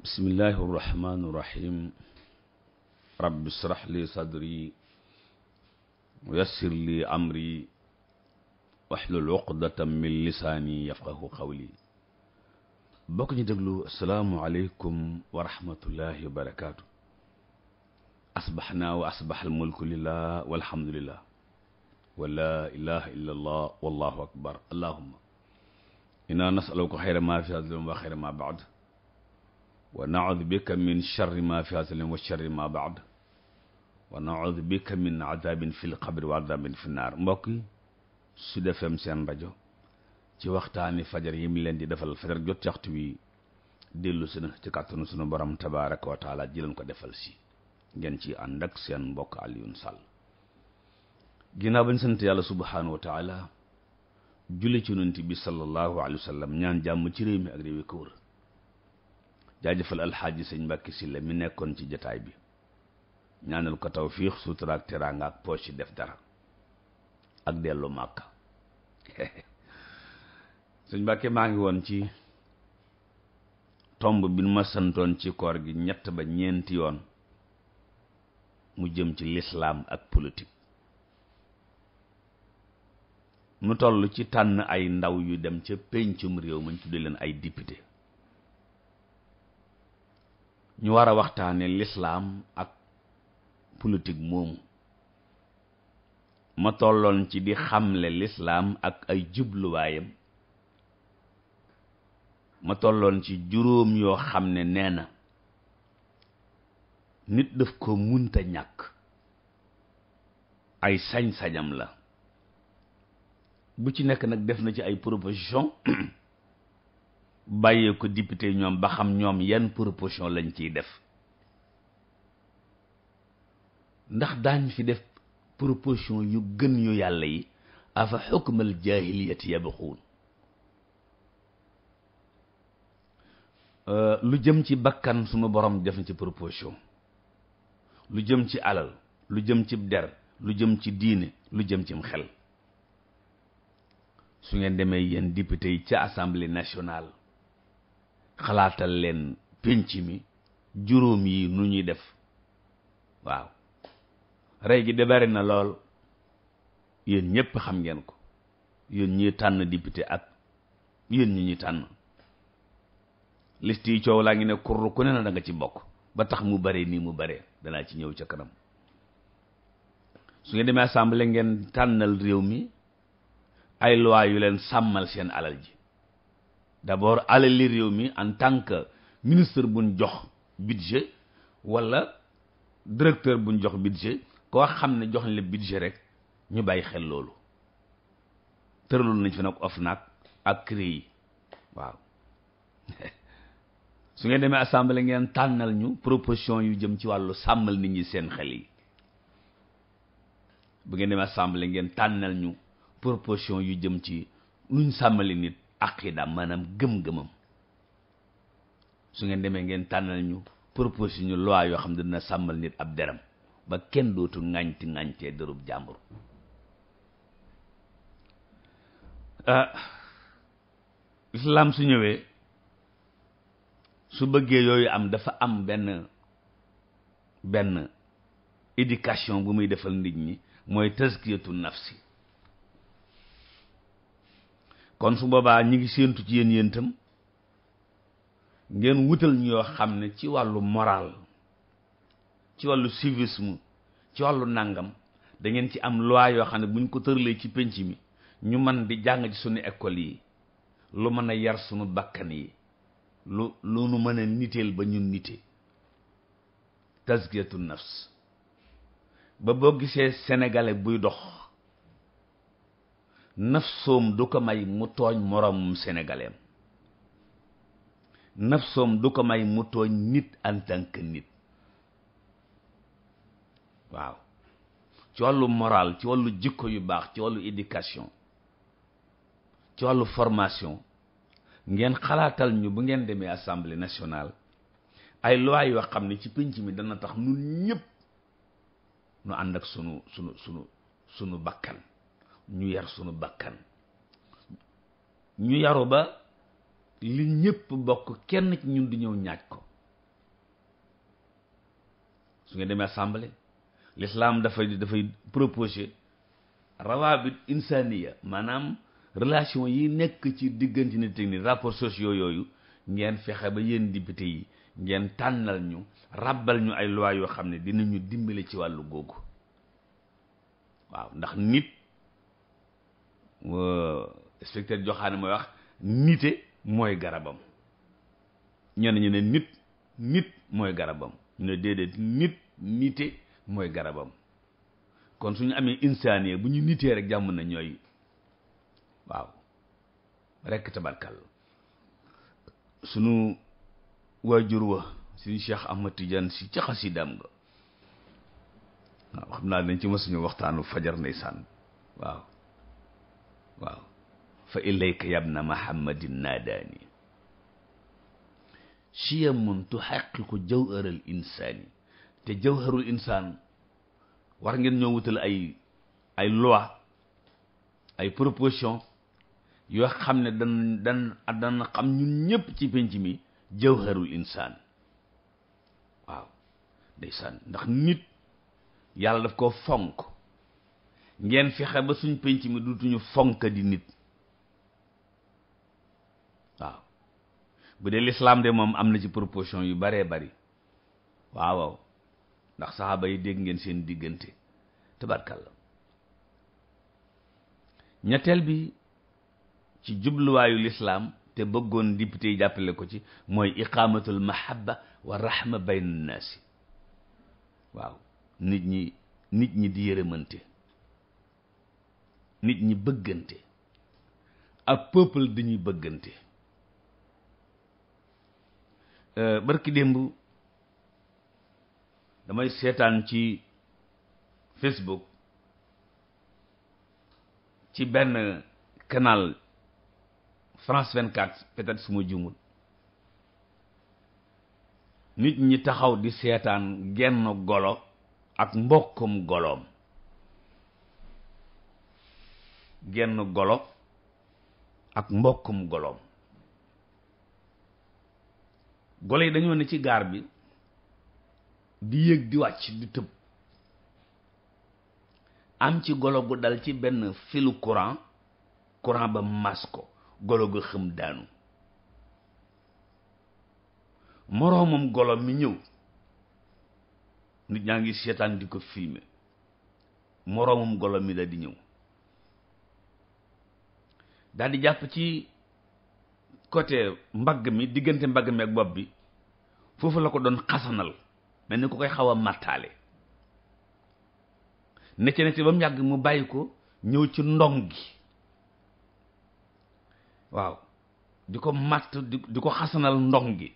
bismillahi irrahmani irrahim rabbi israh li sadri wa yassir li amri wahlul uqdatan min lisaani yafqahu qawli bokk ñu déglu asalaamu aleykum wa rahmatullahi wa barakaatu asbaxnaa wa asbax almulku lillah walhamdulillah wa laa ilaha illa allah wallahu akbar allahumma inna nasaluka xayra ma fi hadal wa xayra ma ba'd wa naudu bika min charri ma fi hasalin wa charri ma baad wa naudu bika min adabin fi lqabri wa adabin fi naar mbokk su Sud seen rajo ci waxtaani fajar yi mu leen di defal fajar jot waxtu wi dellu si na ci kàttanu sunu borom tabaraka wa taala jëleen ko defal si ngeen ci ànd seen mbokk Alioune Sall ginnaaw bañ sant yàlla subhaanahu wa taala julli ci yonent bi sallallahu alayhi wa sallam ñaan jàmm ci réew mi ak réew jaajëfal alxaaji sëñ Mbàkke Sylla mi nekkoon ci jataay bi ñaanal ko tawfiix sutura ak teraanga ak poche def dara ak dellu màkka sëñ maa ngi woon ci tomb bi nu ma santoon ci koor gi ñett ba ñeenti yoon mu jëm ci lislaam ak politique mu toll ci tànn ay ndaw yu dem ca péncum réew mañ tudde leen ay député ñu war a waxtaane lislaam ak politik moomu ma tolloon ci di xamle lislaam ak ay jubluwaayam ma tolloon ci juróom yoo xam ne nee na nit daf ko munta ñàkk ay sañ-sañam la bu ci nekk nag def na ci ay proposition bàyyee ko député ñoom ba xam ñoom yan proposition lañ ciy def ndax daañ fi def proposition yu gën yu yàlla yi afa xukmal jaahiliyati yabxuun euh, lu jëm ci bakkan suma borom def na ci proposition lu jëm ci alal lu jëm ci der lu jëm ci diine lu jëm cim xel su ngeen demee yéen député yi ca assemblée nationale xalaatal leen pénc mi juróom yi nu ñuy def waaw rey gi de bari na lool yoon ñépp xam ngeen ko yéen ñuy tànn député ak yéen ñu ñuy tànn liste yi coow laa ngi ne kurru ku ne na da ci bokk ba tax mu bare nii mu bare danaa ci ñëw ca kanam su ngeen demee assemblée ngeen tànnal réew mi ay loi yu leen sàmmal seen alal ji d'abord alali réew mi en tant que ministre buñ jox budget wala directeur buñ jox budget koo xam ne jox nañ la budget rek ñu bàyyi xel loolu tëraloon nañ fi nag OFNAC ak CREI yi waaw su ngeen demee assemblée ngeen tànnal ñu proposition yu jëm ci wàllu sàmmal nit ñi seen xel bu ngeen demee assemblée ngeen tànnal ñu proposition yu jëm ci nuñ sàmmali nit aqidaam maanaam gëm-gëmam su ngeen demee ngeen tànnal ñu pour proposé ñu loi yoo xam ne dina sàmmal nit ab deram ba kenn dootu ŋàñti ŋàñtee derub jàmbur ah, islam su ñëwee su bëggee yooyu am dafa am benn benn éducation bu muy defal nit ñi mooy tazkiyatu nafsi kon su boobaa ñi ngi séentu ci yéen yéen tam ngeen wutal ñoo xam ne ci wàllu moral ci wàllu civisme ci wàllu nangam dangeen ci am loi yoo xam ne buñ ko tëralee ci pénc mi ñu mën di jàng ci suñu école yi lu mën a yar suñu bakkan yi lu lu nu mën a niteel ba ñu nite tazkiyatu nafs ba boo gisee sénégalais buy dox nafsoom du ko may mu tooñ moroomum sénégaleem nafsoom du ko may mu tooñ nit en nit waaw ci wàllu moral ci wàllu jikko yu baax ci wàllu éducation ci wàllu formation ngeen xalaatal ñu bu ngeen demee assemblée nationale ay loi yoo xam ne ci pénc mi dana tax nun ñëpp nu ànd ak sunu sunu sunu sunu bakkan ñu yar sunu bàkkan ñu yaru ba li ñépp bokk kenn ci ñun di ñëw ñaaj ko su ngeen demee assemblée lislaam dafay dafay proposé rawaabit insaniya maanaam relation yi nekk ci diggante nit ak nit rapports sociaux yooyu ngeen fexe ba yéen député yi ngeen tànnal ñu ràbbal ñu ay lois yoo xam ne dinañu dimbale ci wàllu googu waaw ndax nit Euh, spectateur joxaan mooy wax nite mooy garabam ñenn ñu ne nit nit mooy garabam ñu ne déedéet nit nite mooy garabam kon suñu amee insaaniya bu ñu nitee rek jàmm na ñooy waaw rekk tabarkal suñu waajur wa suñu Cheikh Ahmad Tidiane si ca xasidaam nga waaw xam naa dañ ci mësuñu waxtaanu fajar ndeysaan waaw waaw fa ilayka yabna mahammadin naadaani chiyamun tuxaqiqu jawharal insaani te jawharul insaan war ngeen ñoo wutal ay ay loi ay proposition yoo xam ne dan dan xam ñun ñëpp ci penc mi jawharul insaan waaw ndeysaan ndax nit yàlla daf ko fonk ngeen fexe ba suñ penc mi dutuñu fonk di nit waaw bu dee lislaam de moom am na ci proposition yu baree bari waaw ndax saxaaba yi dégg ngeen seen diggante tabarkalla ñetteel bi ci jubluwaayu lislaam te bëggoon député yi jàppale ko ci mooy iqaamatul mahabba wa rahma bayna naasi waaw nit ñi nit ñi di yërëmante nit ñi bëggante ak peuple dañuy bëggante euh, barki démb damay seetaan ci Facebook ci benn canal France 24 peut-être su nit ñi taxaw di seetaan genn golo ak mbokkum goloom genn golo ak mbokkum goloom golo yi dañoo ne ci gaar bi di yéeg di wàcc di tëb am ci golo gu dal ci benn filu courant courant ba mas ko golo gu xëm daanu moroomam golo mi ñëw nit ñaa ngi seetaan di ko filmer moroomam golo mi la di ñëw daal di jàpp ci côté mbagg mi diggante mbagg mi ak bopp bi foofu la ko doon xasanal mel ni ku koy xaw a màttaale ne ba mu yàgg mu bàyyi ko ñëw ci ndong gi waaw di ko màtt di ko xasanal ndong gi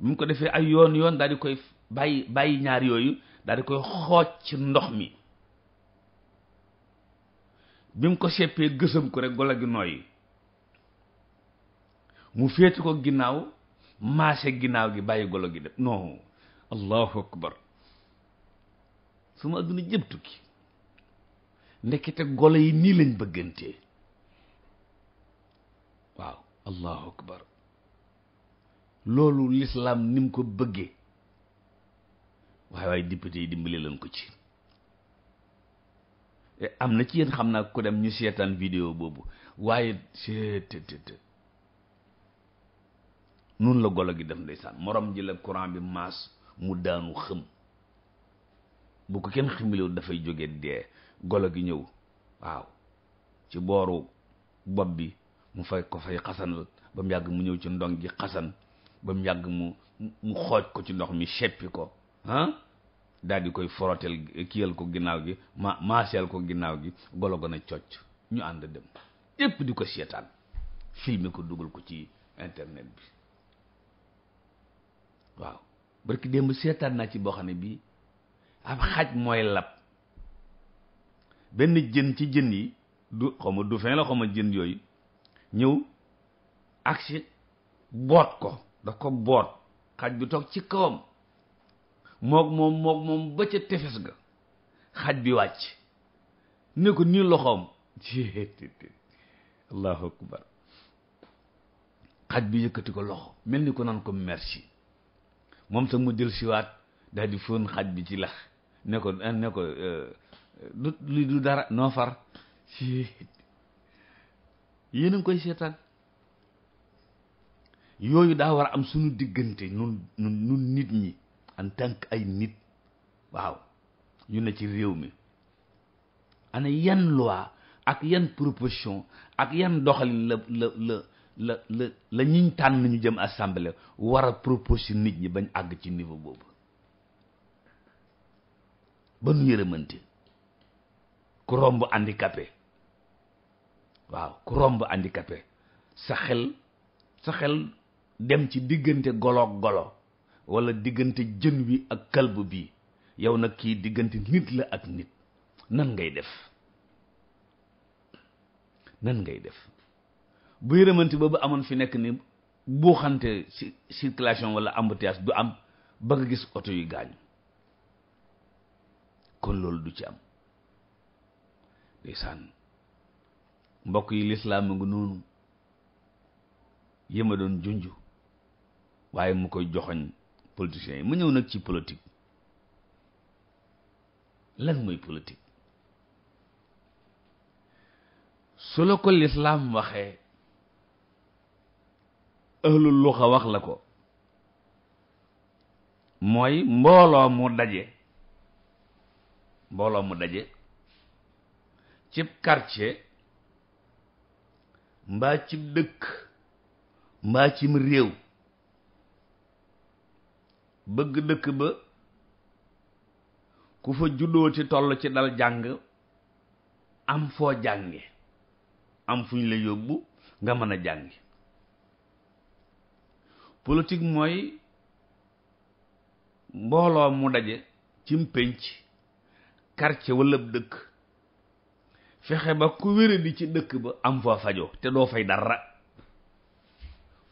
mu ko defee ay yoon yoon daal di koy bàyyi bàyyi ñaar yooyu daal di koy xooj ci ndox mi bi mu ko seppee gësam ko rek golo gi nooyi mu féete ko ginnaaw maase ginnaaw gi bàyyi golo gi dem non allahu akbar su ma adduna jëm tukki ndekete golo yi nii lañ bëggantee waaw allahu akbar loolu lislaam ni mu ko bëggee waaye waaye député yi dimbali leen ko ci am na ci yéen xam naa ko dem ñu seetaan vidéo boobu waaye seetetetet noonu la golo gi def ndeysaan morom moroom la courant bi maas mu daanu xëm bu ko kenn ximilewu dafay jóge dee golo gi ñëw waaw ci booru bopp bi mu fay ko fay xasanal ba mu yàgg mu ñëw ci ndong gi xasan ba mu yàgg mu mu xooj ko ci ndox mi seppi ko ah daal di koy foroteel kiyal ko ginnaaw gi ma maaseel ko ginnaaw gi golo gën a cocc ñu ànd dem yépp di ko seetaan filmer ko dugal ko ci internet bi waaw barki démb seetaan naa ci boo xam ne bii ab xaj mooy lab benn jën ci jën yi du xaw ma du fin la xaw ma jën yooyu ñëw agsi boot ko daf ko boot xaj bi toog ci kawam mook moom mook moom ba ca tefes ga xaj bi wàcc ne ko nii loxoom allahu akbar xaj bi yëkkati ko loxo mel ni ko nan ko merci moom sax mu del siwaat daal di xaj bi ci la ne ko ne ko euh, du li dara noo far yéen a ngi koy seetaan yooyu daa war a am sunu diggante nun nun nun nit ñi en tant que ay nit waaw ñu ne ci réew mi ana yan loi ak yan proposition ak yan doxalin la la la la la tànn ñu jëm assemblée war a proposer nit ñi bañ àgg ci niveau boobu ba nu yërëmante ku romb handicapé waaw ku romb handicapé sa xel sa xel dem ci diggante golo golo wala diggante jën wi ak kalb bi yow nag kii diggante nit la ak nit nan ngay def nan ngay def bu yërëmanti boobu amoon fi nekk ni buuxante ci circulation wala embouteillage du am ba nga gis oto yu gaañu kon loolu du ci am ndeysaan mbokk yi lislaam a ngi noonu yéma doon junj waaye mu koy joxoñ politiciens yi mu ñëw nag ci politique lan mooy politique su la ko lislaam waxee ahlul luxa wax la ko mooy mbooloo mu daje mbooloo mu daje cib quartier mbaa cib dëkk mbaa cim réew bëgg dëkk ba ku fa juddoo ci toll ci dal jàng am foo jànge am fu ñu la yóbbu nga mën a jàngi politique mooy mbooloo mu daje cim pénc quartier wala dëkk fexe ba ku wére ci dëkk ba am foo fajo te doo fay dara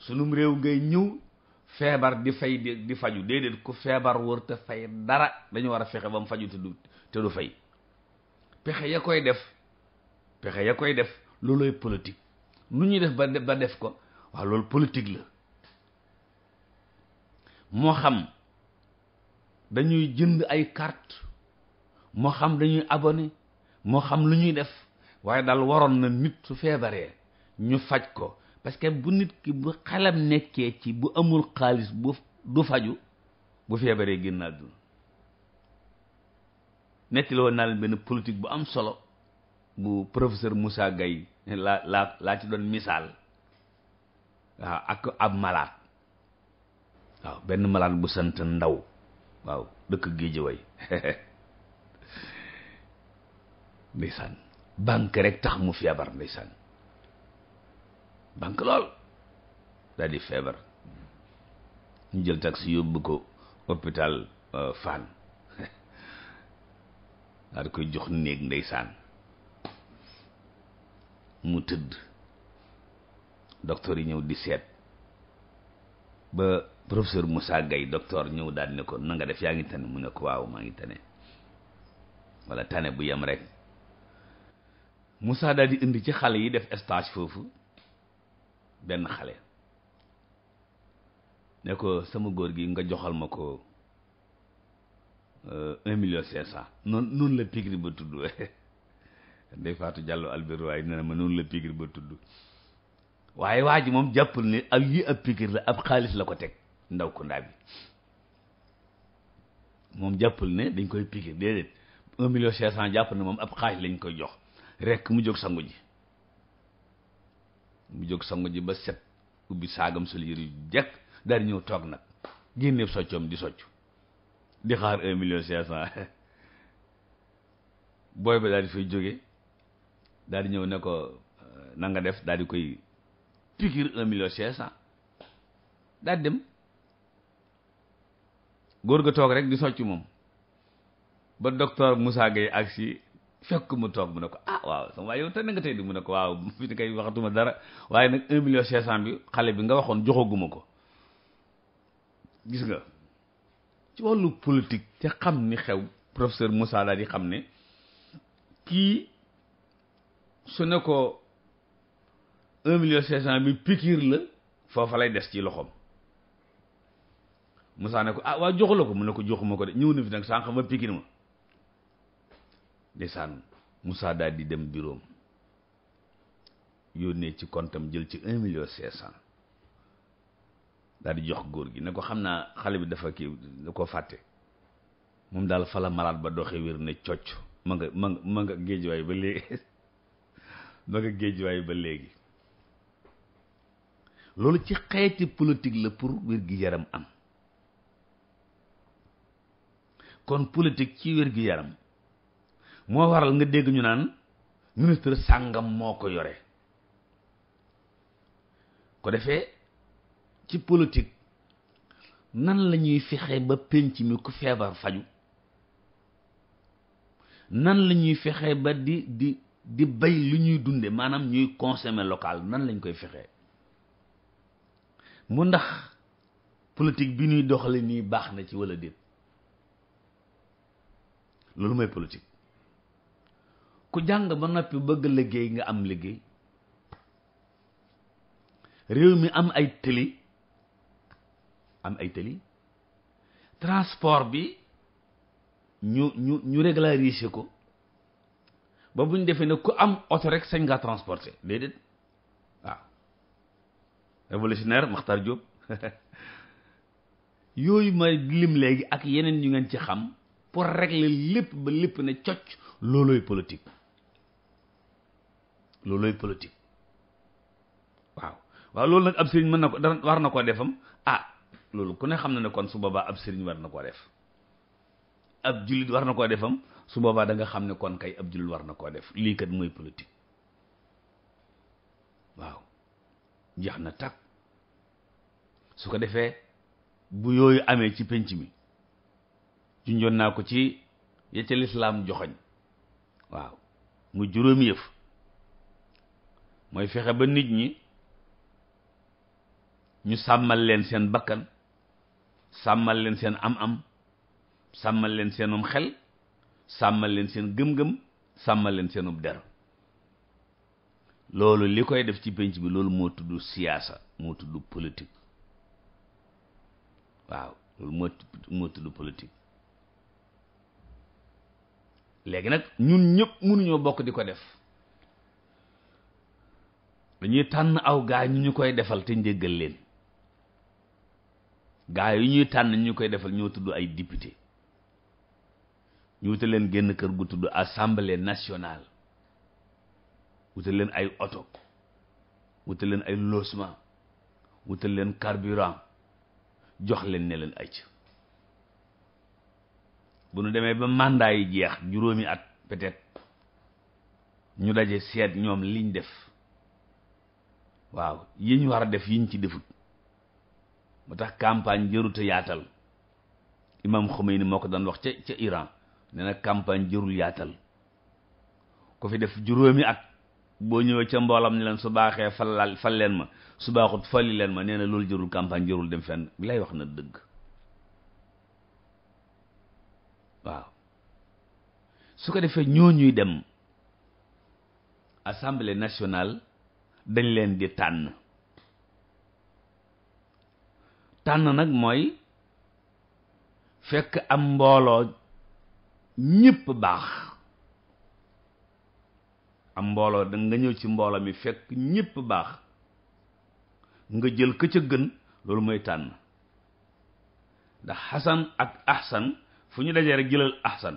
sunum réew ngay ñëw feebar di fay di faju déedéet ku feebar wër te fay dara dañu war a fexe ba mu faju te du te du fay pexe ya koy def pexe ya koy def looloy politique lu ñuy def ba ba def ko waaw loolu politique la moo xam dañuy jënd ay kart moo xam dañuy abonné moo xam lu ñuy def waaye daal waroon na nit su feebaree ñu faj ko parce que bu nit ki bu xelam nekkee ci bu amul xaalis bu du faju bu feebaree génn àdduna netti naa leen benn politique bu am solo bu professeur musa Gaye laa laa laa ci doon misaal waaw ak ab malaat waaw benn malaat bu sant ndaw waaw dëkk Géejawaay ndeysaan banque rek tax mu feebar ndeysaan banque lool daal di feebar ñu jël taxi yóbbu ko hôpital euh, Fann daal di koy jox néeg ndeysaan mu tëdd docteur yi ñëw di seet ba professeur Moussa Gueye docteur ñëw daal ne ko na nga def yaa ngi tane mu ne ko waaw maa ngi tane walla tane bu yem rek Moussa daal di indi ci xale yi def stage foofu benn xale ne ko sama góor gi nga joxal ma ko euh, un million cinq cent noonu noonu la pigri ba tudd ndey Faatu jàll albir waaye nee ma noonu la pigri ba tudd waaye waa ji moom jàppul ni ak yi ab pigri la ab xaalis la ko teg ndaw ku ndaa bi moom jàppal ne dañ koy pigri déedéet un million cinq cent jàpp na moom ab xaalis lañ koy jox rekk mu jóg sangu ji mu jóg sangu ji ba set ubbi saagam sol yëre yu jekk daal di ñëw toog nag génneeb soccoom di socc di xaar un million cinq booy ba daal di fay jóge daal di ñëw ne ko euh, na nga def daal di koy piqûre un million cinq cent daal dem góor ga toog rek di socc moom ba docteur Moussa Gueye agsi fekk mu toog mu ne ko ah waaw sama waaye yow te na nga tey di mu ne ko waaw fi ni kay waxatuma dara waaye nag un million cinq bi xale bi nga waxoon joxaguma ko gis nga ci wàllu politique te xam ni xew professeur Moussa daal di xam ne kii su ne ko un million cinq bi pikiir la foofu lay des ci loxoom Moussa ne ko ah waaw joxu ko mu ne ko joxuma ko de ñëw na fi nag sànq ma pikiir ma ndeysaan Moussa daal di dem buroom yónnee ci kontam jël ci un million cinq cent di jox góor gi ne ko xam naa xale bi dafa kii da ko fàtte moom daal fala malaat ba doxe wér ne cocc ma nga ma nga ba léegi loolu ci xeeti politique la pour wér gi yaram am kon politique ci wér gi yaram moo waral nga dégg ñu naan ministre sàngam moo ko yore ko defee ci politique nan la ñuy fexe ba penc mi ku feebar faju nan la ñuy fexe ba di di di bay lu ñuy dunde maanaam ñuy consommer local nan lañ koy fexe mu ndax politique bi ñuy doxale nii baax na ci walla déet loolu mooy politique ku jàng ba noppi bëgg liggéey nga am liggéey réew mi am ay tëli am ay tëli transport bi ñu ñu ñu régulariser ko ba bu ñu defee ne ku am oto rek sañ ngaa transporter déedéet waaw révolutionnaire Makhtar Diop yooyu ma lim léegi ak yeneen yu ngeen ci xam pour régler lépp ba lépp ne cocc loolooy politique loolu loolooy politique waaw waaw loolu nag ab sëriñ mën na ko dara war na koo defam ah loolu ku ne xam na ne kon su boobaa ab sëriñ war na koo def ab jullit war na koo defam su boobaa da nga xam ne kon kay ab jullit war na koo def lii kat mooy politique waaw jeex na tàkk su ko defee bu yooyu amee ci penc mi junjoon naa ko ci yecca lislaam joxoñ waaw mu juróomi yëf mooy fexe ba nit ñi ñu sàmmal leen seen bakkan sàmmal leen seen am-am sàmmal leen seenum xel sàmmal leen seen gëm-gëm sàmmal leen seenum der loolu li koy def ci pénc bi loolu moo tudd siyaasa moo tudd politique waaw loolu moo moo tudd politique léegi nag ñun ñëpp mënuñoo bokk di ko def dañuy tànn aw gaa ñu ñu koy defal te njëggal leen gaa yi ñuy tànn ñu koy defal ñoo tudd ay député ñu wutal leen génn kër gu tudd assemblée nationale wutal leen ay oto wutal leen ay logement wutal leen carburant jox leen ne leen ay ci bu nu demee ba màndaa yi jeex juróomi ak peut ñu daje seet ñoom liñ def waaw yi ñu war a def yiñ ci defut moo tax campagne jëruta yaatal imam Khomeini moo ko daan wax ca ca Iran nee na campagne jërul yaatal ku fi def juróomi ak boo ñëwee ca mboolam ne leen su baaxee fal fal leen ma su baaxut fali leen ma nee na loolu jërul campagne jërul dem fenn bi lay wax na dëgg waaw su ko defee ñoo ñuy dem assemblée nationale dañ leen di tànn tànn nag mooy fekk am mbooloo ñépp baax am mbooloo da ñëw ci mbooloo mi fekk ñépp baax nga jël ka ca gën loolu mooy tànn ndax xasan ak ahsan fu ñu dajee rek jëlal ahsan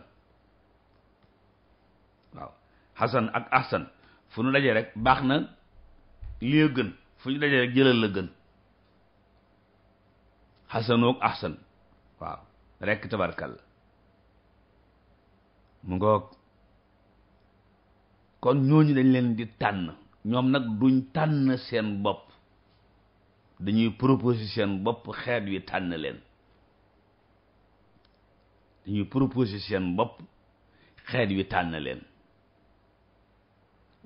waaw xasan ak ahsan fu ñu dajee rek baax na lii gën fu ñu dajee jëlal la gën xasanoog ahsan waaw rekk tabarkal mu ngoog kon ñooñu dañ leen di tànn ñoom nag duñ tànn seen bopp dañuy proposé seen bopp xeet wi tànn leen dañuy proposé seen bopp xeet wi tànn leen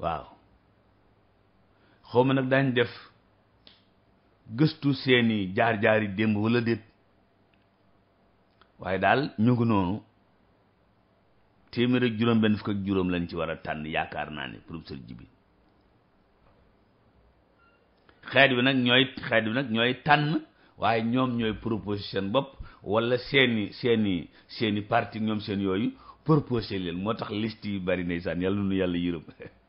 waaw xaw ma nag daañ def gëstu seeni jaar-jaari démb wala déet waaye daal ñu ngi noonu téeméer ak juróom benn fukk ak juróom lañ ci war a tànn yaakaar naa ne professeur Jibi xeet bi nag ñooy xeet bi nag ñooy tànn waaye ñoom ñooy proposé seen bopp wala seeni seeni seeni parti ñoom seen yooyu proposé leen moo tax list yi bari ndeysaan yàlla nu yàlla yërëm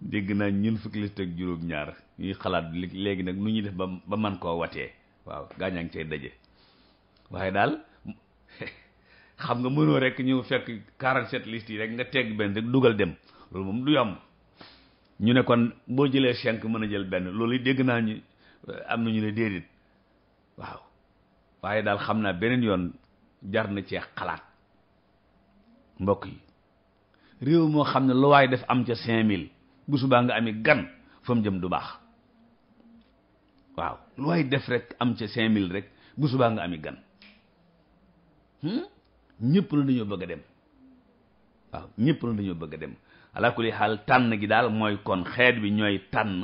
dégg naa ñun fukki liste ak juróom ñaar ñuy xalaat léegi nag nu ñuy def ba ba man koo watee waaw gaañaa ngi cay daje waaye daal xam nga mënoo rekk ñu fekk 47 listes yi rek nga teg benn rek dugal dem loolu moom du yomb ñu ne kon boo jëlee cinq mën a jël benn loolu dégg naa ñu eh, am na ñu ne déedéet waaw waaye daal xam naa beneen yoon jar na cee xalaat mbokk yi réew moo xam ne lu waaye def am ca 5000. bu subaa nga ami gan fa mu jëm du baax waaw looy def rek am ca cinq mille rek busu subaa nga ami gan hmm? ñépp na dañoo bëgg a dem waaw ñëpp na dañoo bëgg a dem ala kulli xaal tànn gi daal mooy kon xeet bi ñooy tànn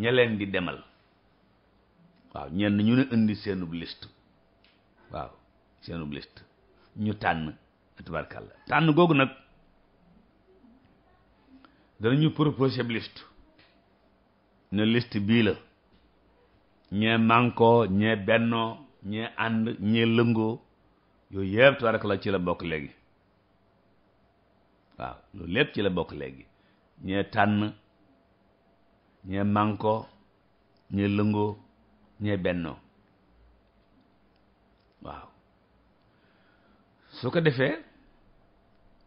ña leen di demal waaw ñenn ñu ne indi seenub liste waaw seenub liste ñu tànn tubaarkàlla tànn googu nag danañu proposé liste ne liste bii la ñee mànkoo ñee bennoo ñee ànd ñee lëngoo yooyu yëpp tabaraka la ci la bokk léegi waaw loolu lépp ci la bokk léegi ñee tànn ñee mànkoo ñee lëngoo ñee bennoo waaw su ko defee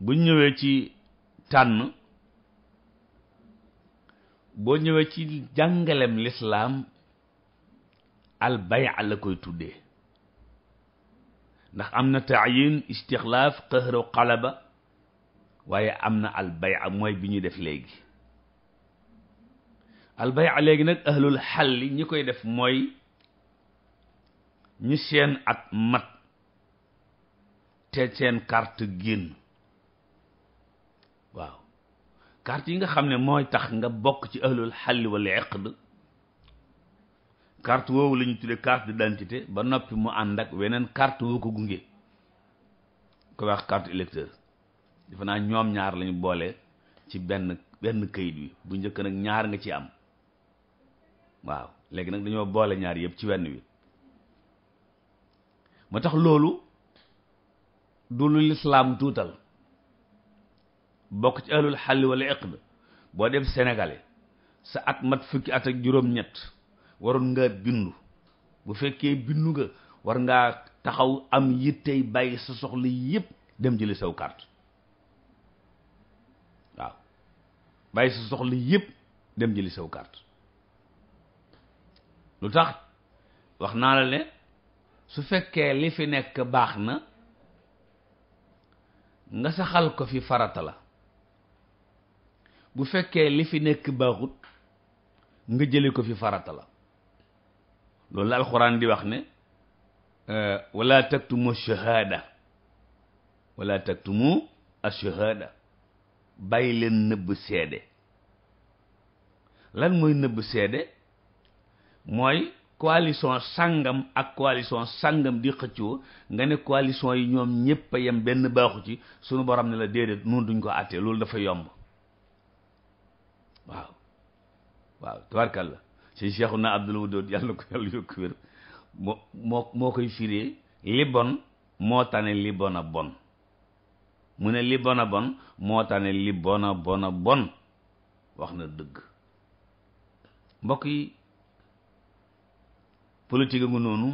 bu ñëwee ci tànn boo ñëwee ci jàngalem lislaam al la koy tuddee ndax am na taayin istixlaaf qëhru qalaba waaye am na al bay mooy bi ñu def léegi al bay léegi nag ahlul xalli ñi koy def mooy ñi seen at mat te seen carte génn waaw carte yi nga xam ne mooy tax nga bokk ci ahlul xalli wal iqd kart woowu lañu ñu tuddee carte d'identité ba noppi mu ànd ak weneen carte woo ko gunge ko wax carte électeur defe naa ñoom ñaar lañu boole ci benn benn kayit wi bu njëkk nag ñaar nga ci am waaw léegi nag dañoo boole ñaar yëpp ci wenn wi moo tax loolu du lu lislaam tuutal bokk ci ahlul xalli wala iqd boo dem sénégalais sa at mat fukki at ak juróom-ñett waroon ngaa bindu bu fekkee bindu nga war ngaa taxaw am yittey bàyyi sa soxla yépp dem jëli saw carte waaw bàyyi sa soxla yépp dem jëli saw carte lu tax wax naa la ne su fekkee li fi nekk baax na nga sa xal ko fi farata la bu fekkee li fi nekk baaxut nga jële ko fi farata la loolu la alxuraan di wax ne euh, wala taktumu shahada wala taktumu ashahada bàyyi leen nëbb seede lan mooy nëbb seede mooy coalition sàngam ak coalition sàngam di xëccoo nga ne coalition yi ñoom ñépp yam benn baaxu ci sunu borom ne la déedéet nun duñ ko àttee loolu dafa yomb waaw waaw tabarkàlla si cheikhu na abdul wadood yàlla na ko yàlla yokk wér moo moo moo koy firee li bon moo tane li bon a bon mu ne li bon a bon moo tane li bon a bon a bon wax na dëgg mbokk yi politique ngu noonu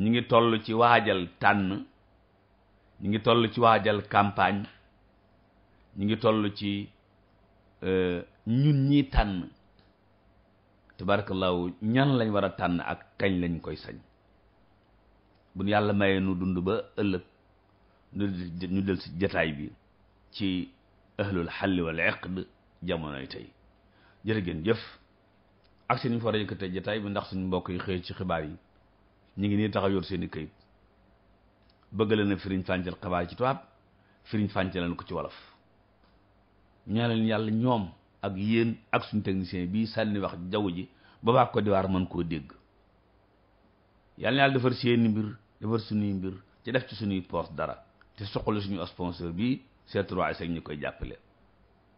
ñu ngi toll ci waajal tànn ñu ngi toll ci waajal campagne ñu ngi toll ci ñun ñi tànn tabarakallahu ñan lañ war a tànn ak kañ lañ koy sañ bu nu yàlla mayee nu dund ba ëllëg ñu del si jataay bi ci ahlul xalli wal iqd jamonoy tey jërë ngeen jëf ak seen ñu fa rajo tey jataay bi ndax suñu mbokk yi xëy ci xibaar yi ñu ngi nii taxaw yor seeni i këyit bëgg leen a firiñ fàncal xibaar ci tubaab firiñ fàncalal ko ci wolof ñaanal yàlla ñoom ak yéen ak suñu technicien bii sànni wax jaww ji ba waa Côte d'Ivoire mën koo dégg yàlla na yàlla defar seeni mbir defar suñuy mbir ci def ci suñuy poste dara te soxla suñu sponsor bi C3S ak e koy jàppale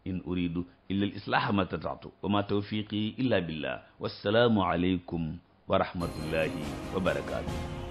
in uridu illa al islaaha ma tataatu wa ma tawfiqi illa billah wassalaamu aleykum wa rahmatullahi wa barakaatu